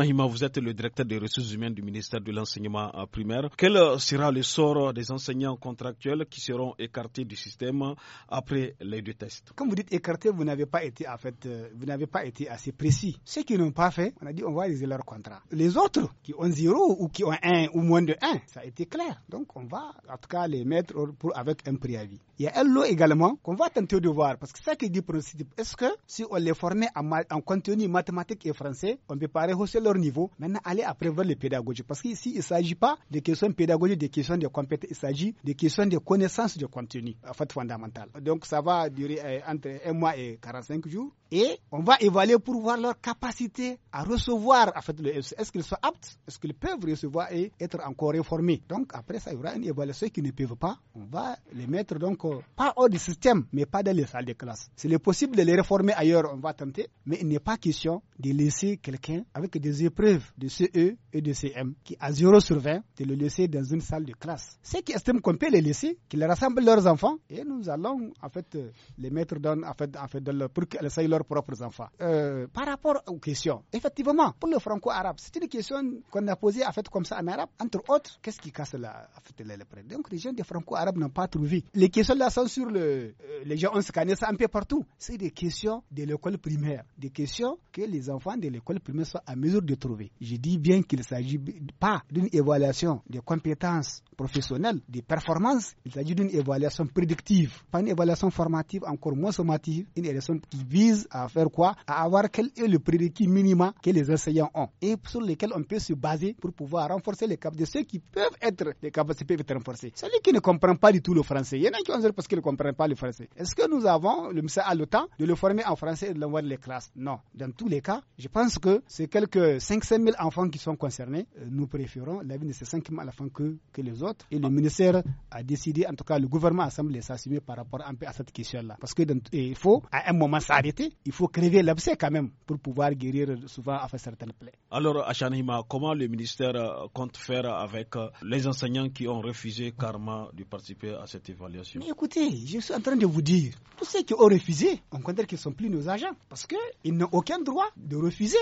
Hima vous êtes le directeur des ressources humaines du ministère de l'enseignement primaire quel sera le sort des enseignants contractuels qui seront écartés du système après les deux tests. Comme vous dites écartés, vous n'avez pas été en fait,
euh, vous n'avez pas été assez précis. Ceux qui n'ont pas fait, on a dit on va réaliser leur contrat. Les autres qui ont zéro ou qui ont un ou moins de un, ça a été clair. Donc on va en tout cas les mettre pour, avec un préavis. Il y a un lot également qu'on va tenter de voir parce que ça qui dit principe, est-ce que si on les fournit en, en, contenu mathématique et français, on peut pas hausser leur niveau. Maintenant aller après voir les pédagogies parce qu'ici il ne s'agit pas des questions pédagogiques, des questions de compétences il s'agit de questions de connaissance de contenu en fait fondamental. Donc ça va durer euh, entre un mois et 45 jours et on va évaluer pour voir leur capacité à recevoir en fait, le Est-ce qu'ils sont aptes Est-ce qu'ils peuvent recevoir et être encore réformés Donc après ça, il y aura une évaluation qui ne peuvent pas. On va les mettre donc euh, pas hors du système, mais pas dans les salles de classe. S'il est possible de les réformer ailleurs, on va tenter, mais il n'est pas question de laisser quelqu'un avec des épreuves de CE et de CM qui a 0 sur 20, de le laisser dans une salle de classe. Ceux qui estiment qu'on peut les laisser, qu'ils rassemblent leurs enfants et nous allons en fait euh, les mettre dans, en fait, en fait, pour qu'ils leur propres enfants. Euh, par rapport aux questions, effectivement, pour le franco-arabe, c'est une question qu'on a posée en fait comme ça en arabe. Entre autres, qu'est-ce qui casse la, en fait, Donc les gens des franco-arabes n'ont pas trouvé. Les questions là sont sur le, euh, les gens ont scanné ça un peu partout. C'est des questions de l'école primaire, des questions que les enfants de l'école primaire sont à mesure de trouver. Je dis bien qu'il s'agit pas d'une évaluation des compétences professionnelles, des performances. Il s'agit d'une évaluation prédictive, pas une évaluation formative, encore moins sommative, une évaluation qui vise à faire quoi À avoir quel est le prérequis minimum que les enseignants ont et sur lesquels on peut se baser pour pouvoir renforcer les capacités de ceux qui peuvent être, les capacités peuvent être renforcées. Celui qui ne comprend pas du tout le français, il y en a qui ont parce qu'ils ne comprennent pas le français. Est-ce que nous avons, le ministère a le temps de le former en français et de l'envoyer dans les classes Non. Dans tous les cas, je pense que c'est quelques 500 000 enfants qui sont concernés. Euh, nous préférons la vie de ces 5 000 enfants que, que les autres. Et le ministère a décidé, en tout cas, le gouvernement a semblé s'assumer par rapport un peu à cette question-là. Parce que il faut à un moment s'arrêter il faut crever l'abcès quand même pour pouvoir guérir souvent à certaines plaies.
Alors, Achanima, comment le ministère euh, compte faire avec euh, les enseignants qui ont refusé carrément de participer à cette évaluation
Écoutez, je suis en train de vous dire, tous ceux qui ont refusé, on considère qu'ils ne sont plus nos agents parce qu'ils n'ont aucun droit de refuser.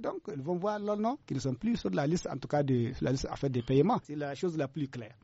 Donc, ils vont voir leur nom, qu'ils ne sont plus sur la liste, en tout cas, de la liste à faire des paiements. C'est la chose la plus claire.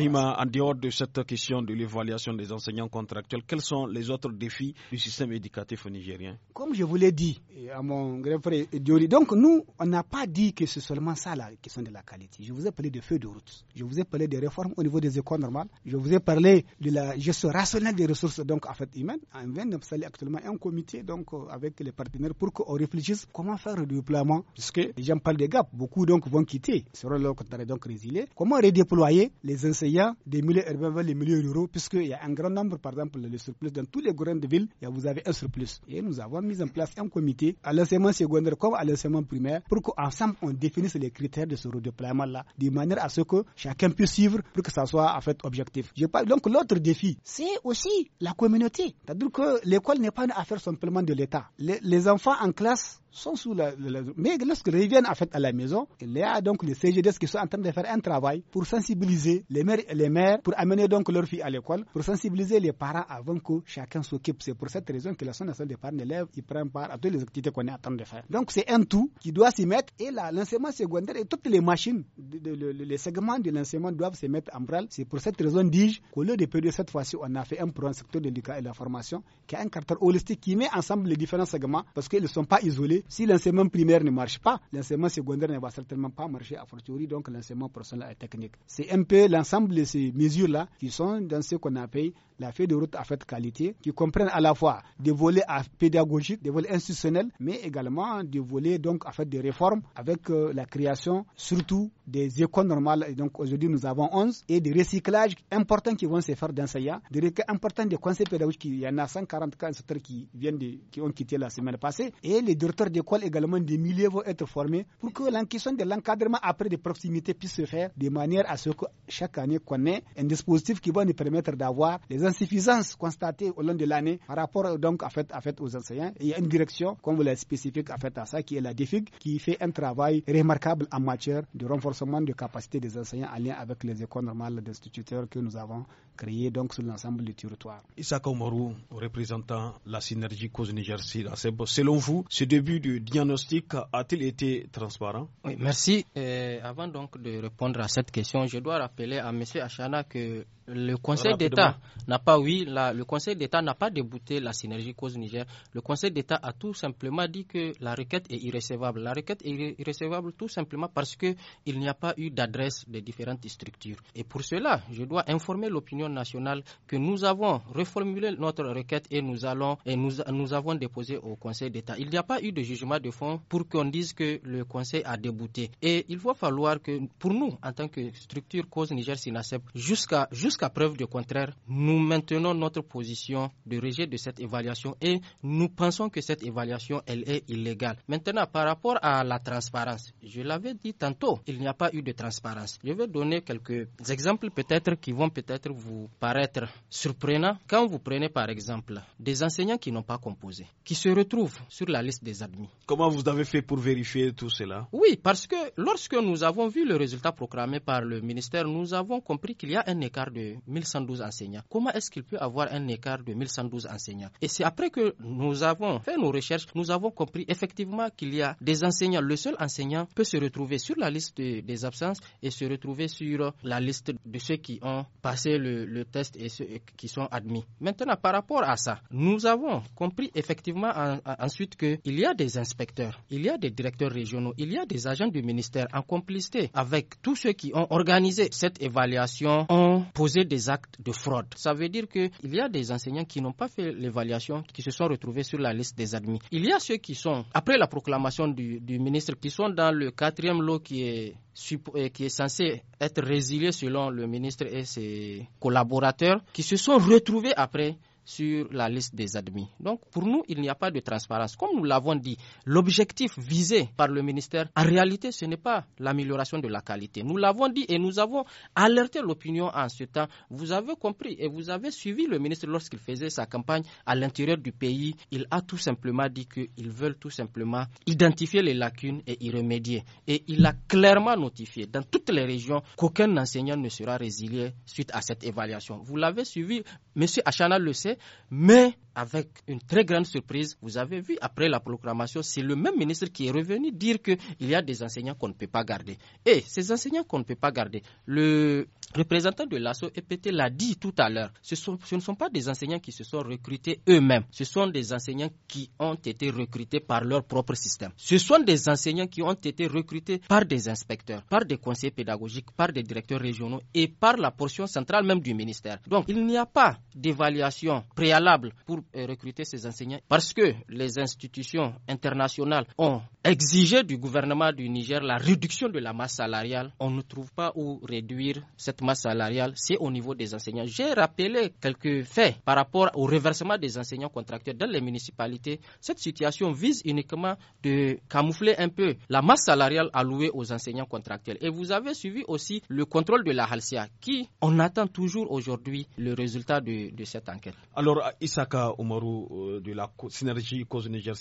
Hima, en dehors de cette question de l'évaluation des enseignants contractuels, quels sont les autres défis du système éducatif nigérien
Comme je vous l'ai dit à mon grand frère Diori, donc nous, on n'a pas dit que c'est seulement ça la question de la qualité. Je vous ai parlé de feux de route, je vous ai parlé des réformes au niveau des écoles normales, je vous ai parlé de la gestion rationnelle des ressources donc en fait humaines. En vain, nous actuellement un comité donc euh, avec les partenaires pour qu'on réfléchisse comment faire le déploiement, puisque les gens parlent des gaps, beaucoup donc vont quitter, seront leur donc résiliés. Comment redéployer les les enseignants des milieux urbains les milieux ruraux, puisqu'il y a un grand nombre, par exemple, le surplus dans tous les grandes villes, vous avez un surplus. Et nous avons mis en place un comité à l'enseignement secondaire comme à l'enseignement primaire pour qu'ensemble on définisse les critères de ce redéploiement-là, de manière à ce que chacun puisse suivre pour que ça soit en fait objectif. donc l'autre défi, c'est aussi la communauté. cest à que l'école n'est pas une affaire simplement de l'État. les enfants en classe sont sous la, Mais lorsqu'ils reviennent fait à la maison, il y a donc les CGDS qui sont en train de faire un travail pour sensibiliser les mères, les mères pour amener donc leurs filles à l'école, pour sensibiliser les parents avant que chacun s'occupe. C'est pour cette raison que la nationale des parents d'élèves, ils prennent part à toutes les activités qu'on est en train de faire. Donc c'est un tout qui doit s'y mettre et l'enseignement secondaire et toutes les machines, les segments de l'enseignement doivent se mettre en branle. C'est pour cette raison, dis-je, qu'au lieu de perdre cette fois-ci, on a fait un programme secteur de l'éducation et de la formation qui a un caractère holistique qui met ensemble les différents segments parce qu'ils ne sont pas isolés, si l'enseignement primaire ne marche pas, l'enseignement secondaire ne va certainement pas marcher à fortiori, donc l'enseignement personnel est technique. C'est un peu l'ensemble de ces mesures-là qui sont dans ce qu'on appelle la feuille de route à faite qualité, qui comprennent à la fois des volets pédagogiques, des volets institutionnels, mais également des volets donc à fait des réformes avec euh, la création surtout des écoles normales. Et donc aujourd'hui nous avons 11 et des recyclages importants qui vont se faire dans SAIA, des recyclages importants des conseils pédagogiques. Il y en a 144 qui viennent de, qui ont quitté la semaine passée et les directeurs d'école également des milliers vont être formés pour que la question de l'encadrement après des proximités puisse se faire de manière à ce que chaque année qu'on ait un dispositif qui va nous permettre d'avoir les insuffisances constatée au long de l'année par rapport donc à fait, à fait aux enseignants. Il y a une direction, comme vous l'avez spécifique, à fait à ça, qui est la DFIG, qui fait un travail remarquable en matière de renforcement de capacité des enseignants en lien avec les écoles normales d'instituteurs que nous avons créé donc sur
l'ensemble du territoire. Issa Omarou, représentant la synergie cause niger selon vous, ce début de diagnostic a-t-il été transparent
Oui, merci. Euh, avant donc de répondre à cette question, je dois rappeler à M. Achana que le Conseil d'État n'a pas, oui, le Conseil d'État n'a pas débouté la synergie cause Niger. Le Conseil d'État a tout simplement dit que la requête est irrécevable. La requête est irrécevable tout simplement parce qu'il n'y a pas eu d'adresse des différentes structures. Et pour cela, je dois informer l'opinion nationale que nous avons reformulé notre requête et nous allons et nous, nous avons déposé au Conseil d'État. Il n'y a pas eu de jugement de fond pour qu'on dise que le Conseil a débouté. Et il va falloir que pour nous, en tant que structure cause Niger Sinacep, jusqu'à jusqu'à preuve du contraire, nous maintenons notre position de rejet de cette évaluation et nous pensons que cette évaluation elle est illégale. Maintenant, par rapport à la transparence, je l'avais dit tantôt, il n'y a pas eu de transparence. Je vais donner quelques exemples peut-être qui vont peut-être vous paraître surprenant quand vous prenez par exemple des enseignants qui n'ont pas composé, qui se retrouvent sur la liste des admis. Comment vous avez fait pour vérifier tout cela Oui, parce que lorsque nous avons vu le résultat proclamé par le ministère, nous avons compris qu'il y a un écart de 1112 enseignants. Comment est-ce qu'il peut avoir un écart de 1112 enseignants Et c'est après que nous avons fait nos recherches, nous avons compris effectivement qu'il y a des enseignants. Le seul enseignant peut se retrouver sur la liste des absences et se retrouver sur la liste de ceux qui ont passé le, le test et ceux qui sont admis. Maintenant, par rapport à ça, nous avons compris effectivement ensuite que ensuite qu'il y a des inspecteurs, il y a des directeurs régionaux, il y a des agents du ministère en complicité avec tous ceux qui ont organisé cette évaluation, ont posé des actes de fraude. Ça veut dire qu'il y a des enseignants qui n'ont pas fait l'évaluation, qui se sont retrouvés sur la liste des admis. Il y a ceux qui sont, après la proclamation du, du ministre, qui sont dans le quatrième lot qui est qui est censé être résilié selon le ministre et ses collaborateurs, qui se sont retrouvés après sur la liste des admis. Donc pour nous, il n'y a pas de transparence. Comme nous l'avons dit, l'objectif visé par le ministère, en réalité, ce n'est pas l'amélioration de la qualité. Nous l'avons dit et nous avons alerté l'opinion en ce temps. Vous avez compris et vous avez suivi le ministre lorsqu'il faisait sa campagne à l'intérieur du pays. Il a tout simplement dit qu'ils veulent tout simplement identifier les lacunes et y remédier. Et il a clairement notifié dans toutes les régions qu'aucun enseignant ne sera résilié suite à cette évaluation. Vous l'avez suivi, Monsieur Achana le sait, mais avec une très grande surprise, vous avez vu après la proclamation, c'est le même ministre qui est revenu dire qu'il y a des enseignants qu'on ne peut pas garder. Et ces enseignants qu'on ne peut pas garder, le représentant de l'ASSO EPT l'a dit tout à l'heure, ce, ce, ne sont pas des enseignants qui se sont recrutés eux-mêmes, ce sont des enseignants qui ont été recrutés par leur propre système. Ce sont des enseignants qui ont été recrutés par des inspecteurs, par des conseillers pédagogiques, par des directeurs régionaux et par la portion centrale même du ministère. Donc il n'y a pas d'évaluation préalable pour recruter ces enseignants parce que les institutions internationales ont exigé du gouvernement du Niger la réduction de la masse salariale. On ne trouve pas où réduire cette masse salariale, c'est au niveau des enseignants. J'ai rappelé quelques faits par rapport au reversement des enseignants contractuels dans les municipalités. Cette situation vise uniquement de camoufler un peu la masse salariale allouée aux enseignants contractuels. Et vous avez suivi aussi le contrôle de la Halcia, qui on attend toujours aujourd'hui le résultat
de, de cette enquête. Alors, Isaka, Oumarou euh, de la synergie cause niger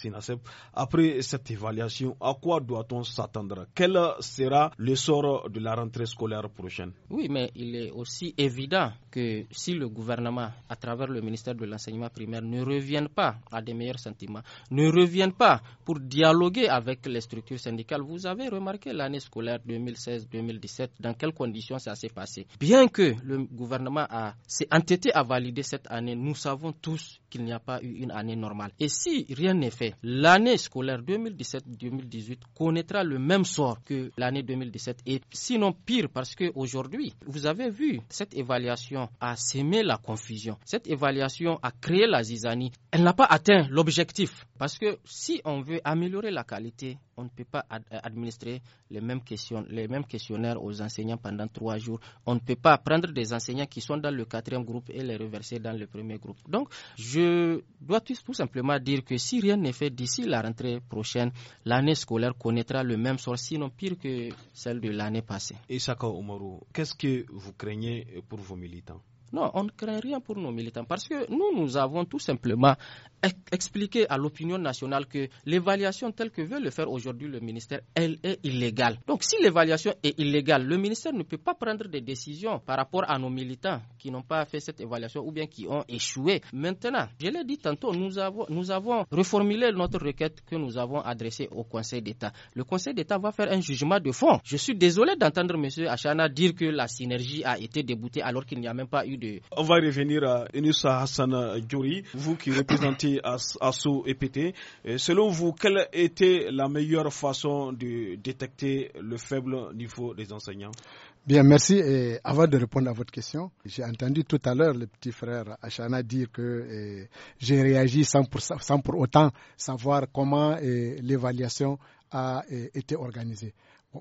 après cette évaluation, à quoi doit-on s'attendre Quel sera le sort de la rentrée scolaire prochaine
Oui, mais il est aussi évident que si le gouvernement, à travers le ministère de l'enseignement primaire, ne revient pas à des meilleurs sentiments, ne revient pas pour dialoguer avec les structures syndicales, vous avez remarqué l'année scolaire 2016-2017, dans quelles conditions ça s'est passé. Bien que le gouvernement s'est entêté à valider cette année, nous savons tous il n'y a pas eu une année normale. Et si rien n'est fait, l'année scolaire 2017-2018 connaîtra le même sort que l'année 2017 et sinon pire parce que aujourd'hui, vous avez vu, cette évaluation a sémé la confusion. Cette évaluation a créé la zizanie. Elle n'a pas atteint l'objectif parce que si on veut améliorer la qualité, on ne peut pas euh, administrer les mêmes, questions, les mêmes questionnaires aux enseignants pendant trois jours. On ne peut pas prendre des enseignants qui sont dans le quatrième groupe et les reverser dans le premier groupe. Donc, je je euh, dois tout simplement dire que si rien n'est fait d'ici la rentrée prochaine, l'année scolaire connaîtra le même sort, sinon pire que celle de l'année passée. Et qu'est-ce que vous craignez pour vos militants non, on ne craint rien pour nos militants parce que nous, nous avons tout simplement expliqué à l'opinion nationale que l'évaluation telle que veut le faire aujourd'hui le ministère, elle est illégale. Donc si l'évaluation est illégale, le ministère ne peut pas prendre des décisions par rapport à nos militants qui n'ont pas fait cette évaluation ou bien qui ont échoué. Maintenant, je l'ai dit tantôt, nous avons, nous avons reformulé notre requête que nous avons adressée au Conseil d'État. Le Conseil d'État va faire un jugement de fond. Je suis désolé d'entendre M. Achana dire que la synergie a été déboutée alors qu'il n'y a même pas eu on va revenir
à Enusa Hassan Djouri, vous qui représentez ASSO EPT. Selon vous, quelle était la meilleure façon de détecter le faible niveau des enseignants
Bien, merci. avant de répondre à votre question, j'ai entendu tout à l'heure le petit frère Achana dire que j'ai réagi sans pour autant savoir comment l'évaluation a été organisée.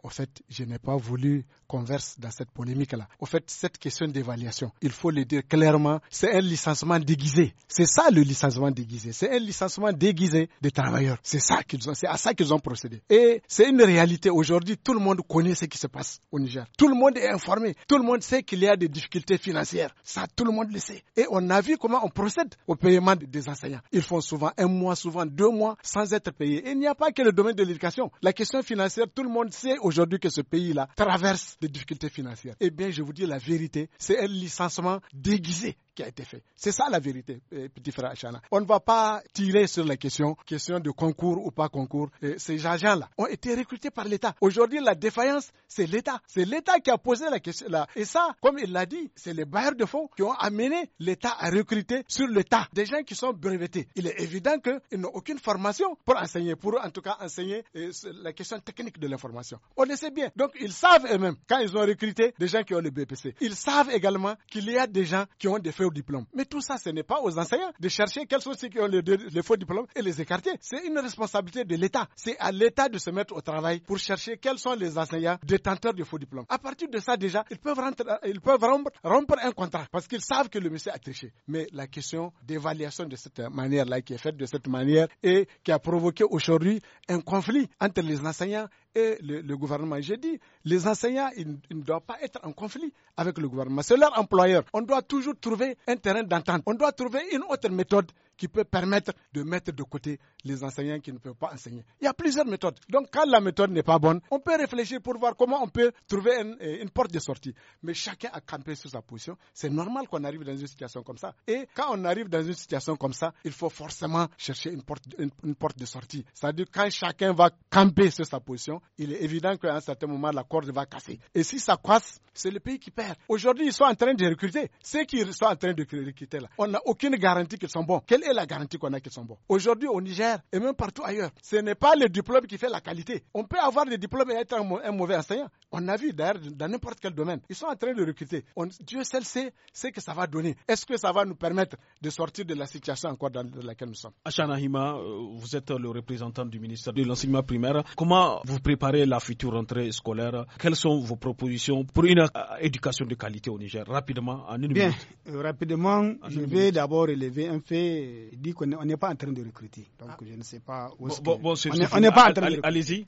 Au fait, je n'ai pas voulu verse dans cette polémique-là. Au fait, cette question d'évaluation, il faut le dire clairement, c'est un licenciement déguisé. C'est ça le licenciement déguisé. C'est un licenciement déguisé des travailleurs. C'est ça qu'ils ont, c'est à ça qu'ils ont procédé. Et c'est une réalité. Aujourd'hui, tout le monde connaît ce qui se passe au Niger. Tout le monde est informé. Tout le monde sait qu'il y a des difficultés financières. Ça, tout le monde le sait. Et on a vu comment on procède au paiement des enseignants. Ils font souvent un mois, souvent deux mois sans être payés. Et il n'y a pas que le domaine de l'éducation. La question financière, tout le monde sait aujourd'hui que ce pays-là traverse des difficultés financières Eh bien, je vous dis la vérité, c'est un licenciement déguisé qui a été fait. C'est ça la vérité, euh, petit frère Achana. On ne va pas tirer sur la question, question de concours ou pas concours. Euh, ces agents-là ont été recrutés par l'État. Aujourd'hui, la défaillance, c'est l'État. C'est l'État qui a posé la question. Là. Et ça, comme il l'a dit, c'est les bailleurs de fonds qui ont amené l'État à recruter sur l'État des gens qui sont brevetés. Il est évident qu'ils n'ont aucune formation pour enseigner, pour en tout cas enseigner euh, la question technique de l'information. On le sait bien. Donc, ils savent eux-mêmes, quand ils ont recruté des gens qui ont le BPC, ils savent également qu'il y a des gens qui ont des Diplôme. Mais tout ça, ce n'est pas aux enseignants de chercher quels sont ceux qui ont les, faux diplômes et les écarter. C'est une responsabilité de l'État. C'est à l'État de se mettre au travail pour chercher quels sont les enseignants détenteurs de faux diplômes. À partir de ça, déjà, ils peuvent, rentrer, ils peuvent rompre, rompre un contrat parce qu'ils savent que le monsieur a triché. Mais la question d'évaluation de cette manière-là, qui est faite de cette manière et qui a provoqué aujourd'hui un conflit entre les enseignants et le, gouvernement. J'ai dit, les enseignants, ils, ne doivent pas être en conflit avec le gouvernement. C'est leur employeur. On doit toujours trouver un terrain d'entente. On doit trouver une autre méthode qui peut permettre de mettre de côté les enseignants qui ne peuvent pas enseigner. Il y a plusieurs méthodes. Donc quand la méthode n'est pas bonne, on peut réfléchir pour voir comment on peut trouver euh, une, porte de sortie. Mais chacun a campé sur sa position. C'est normal qu'on arrive dans une situation comme ça. Et quand on arrive dans une situation comme ça, il faut forcément chercher une porte, une, porte de sortie. C'est-à-dire quand chacun va camper sur sa position, il est évident qu'à un certain moment, la corde va casser. Et si ça casse, c'est le pays qui perd. Aujourd'hui, ils sont en train de recruter. Ceux qui sont en train de recruter là, on n'a aucune garantie qu'ils sont bons. Quelle et la garantie qu'on a qu'ils sont bons Aujourd'hui, au Niger et même partout ailleurs, ce n'est pas le diplôme qui fait la qualité. On peut avoir des diplômes et être un, mauvais enseignant. On a vu d'ailleurs dans n'importe quel domaine. Ils sont en train de recruter. Dieu seul sait ce que ça va donner. Est-ce que ça va nous permettre de sortir de la situation encore dans, laquelle nous sommes
Achanahima, euh, vous êtes le représentant du ministère de l'enseignement primaire. Comment vous préparez la future rentrée scolaire Quelles sont vos propositions pour une euh, éducation de qualité au Niger Rapidement, en une Bien,
euh, rapidement, je vais d'abord élever un fait il dit qu'on n'est pas en train de recruter. Donc, ah. je ne sais pas où bon, On n'est pas en train de Allez-y.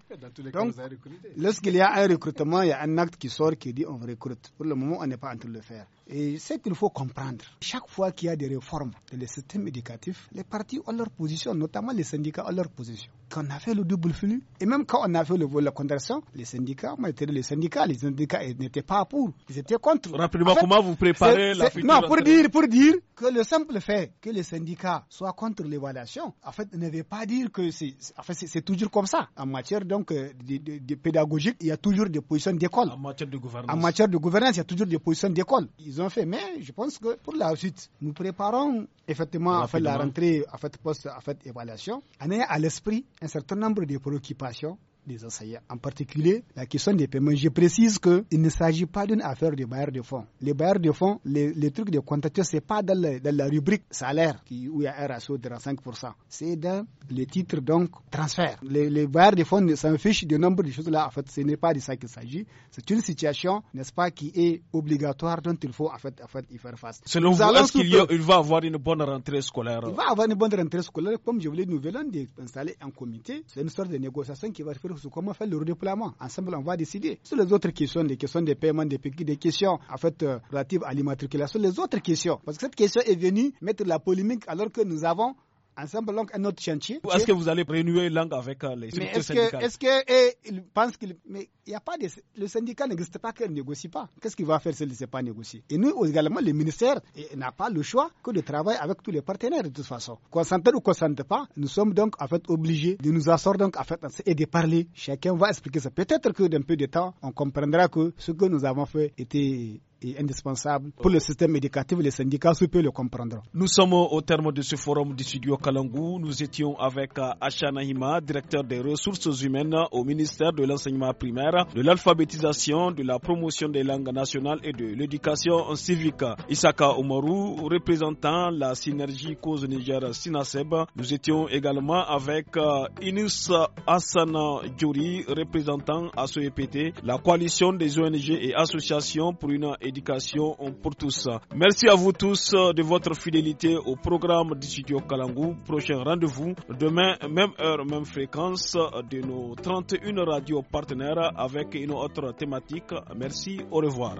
lorsqu'il y a un recrutement, il y a un acte qui sort qui dit on recrute. Pour le moment, on n'est pas en train de le faire. Et c'est qu'il faut comprendre. Chaque fois qu'il y a des réformes dans le système éducatif, les partis ont leur position, notamment les syndicats ont leur position. Quand on a fait le double flux, et même quand on a fait le vol de conversion, les syndicats, les syndicats, les syndicats n'étaient pas pour, ils étaient contre. Rappelez-moi comment vous préparez la future. Non, pour dire, pour dire que le simple fait que les syndicats soient contre l'évaluation, en fait, ne veut pas dire que c'est, fait, toujours comme ça. En matière donc euh, de, pédagogique, il y a toujours des positions d'école. En
matière de gouvernance. En
matière de gouvernance, il y a toujours des positions d'école fait. Mais je pense que pour la suite, nous préparons effectivement à faire la rentrée, à faire post, à faire évaluation, On a à l'esprit un certain nombre de préoccupations des enseignants, en particulier la question des paiements. Je précise qu'il ne s'agit pas d'une affaire de bailleurs de fonds. Les bailleurs de fonds, les, trucs de contracteurs, ce n'est pas dans, la rubrique salaire qui, où il y a un ratio de 5%. C'est dans les titres, donc, transfert. Les, bailleurs de fonds s'en fichent de nombre de choses là. En fait, ce n'est pas de ça qu'il s'agit. C'est une situation, n'est-ce pas, qui est obligatoire, dont il faut, en fait, en fait y faire face. Selon nous vous, ce qu'il
va avoir une bonne rentrée scolaire Il va
avoir une bonne rentrée scolaire. Comme je voulais, nous venons d'installer un comité. C'est une sorte de négociation qui va faire sur comment faire le redéploiement. Ensemble, on va décider. Sur les autres questions, les questions des paiements, des, des questions en fait euh, relatives à l'immatriculation, les autres questions. Parce que cette question est venue mettre la polémique alors que nous avons ensemble donc un autre chantier. Est-ce que vous
allez renouer langue avec euh, les syndicats? est Est-ce
qu'ils eh, pense qu'il mais il y a pas de le syndicat n'existe pas qu'elle négocie pas. Qu'est-ce qu'il va faire s'il ne sait pas négocier Et nous également le ministère eh, n'a pas le choix que de travailler avec tous les partenaires de toute façon. Qu'on s'entende ou qu'on s'entende pas, nous sommes donc en fait obligés de nous assortir donc en fait et de parler. Chacun va expliquer ça. Peut-être que d'un peu de temps, on comprendra que ce que nous avons fait était indispensable pour le système éducatif. Les syndicats vous pouvez le comprendre.
Nous sommes au terme de ce forum du studio Kalangou. Nous étions avec euh, Ashana Nahima, directeur des ressources humaines au ministère de l'enseignement primaire, de l'alphabétisation, de la promotion des langues nationales et de l'éducation civique. Isaka Omaru, représentant la synergie cause Niger Sinaseb. Nous étions également avec euh, Inus Hassan Djouri, représentant EPT, la coalition des ONG et associations pour une éducation pour tous. Merci à vous tous euh, de votre fidélité au programme du studio Kalangou. Prochain rendez-vous demain, même heure, même fréquence euh, de nos 31 radios partenaires avec une autre thématique. Merci, au revoir.